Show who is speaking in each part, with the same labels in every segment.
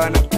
Speaker 1: Havana.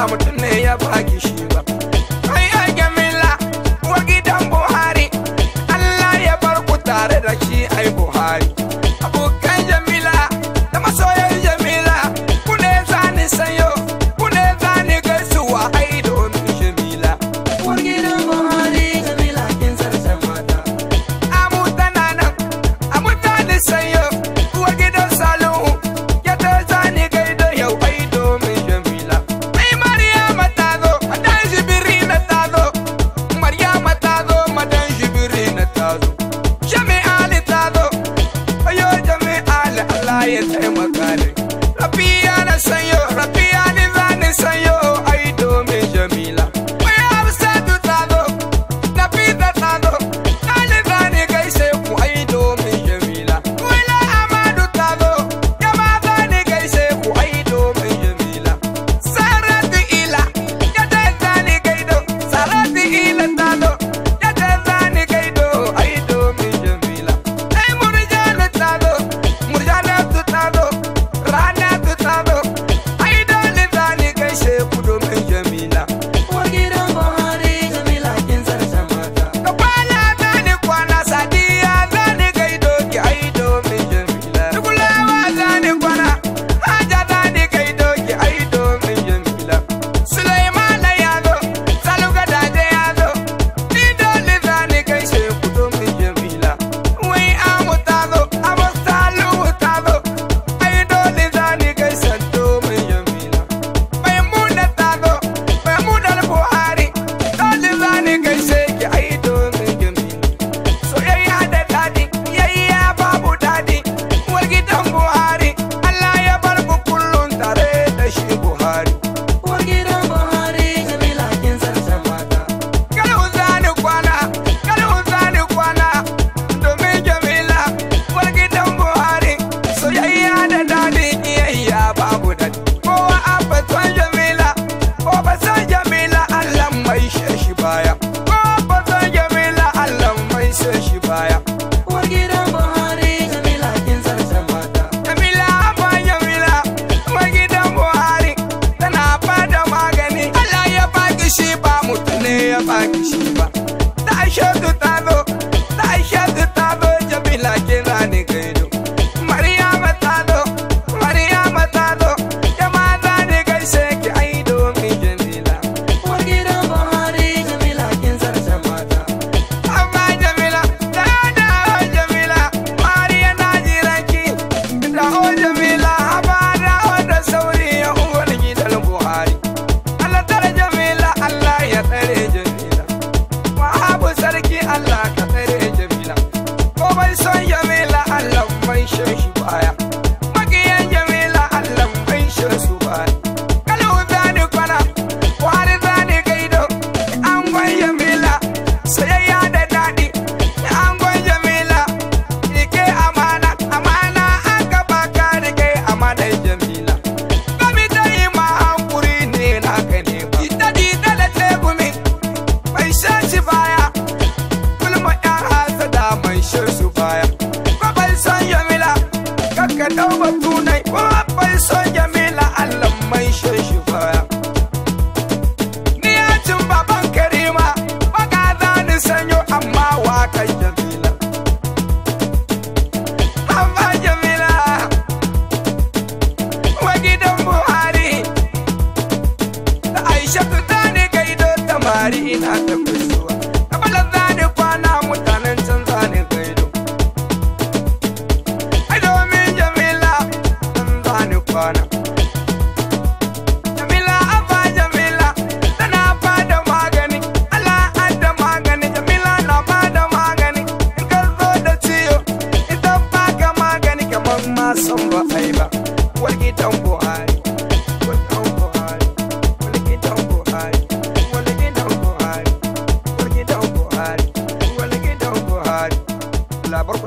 Speaker 1: ba mutum ne ya baki shi ba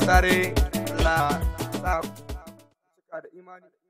Speaker 1: tare Allah da imani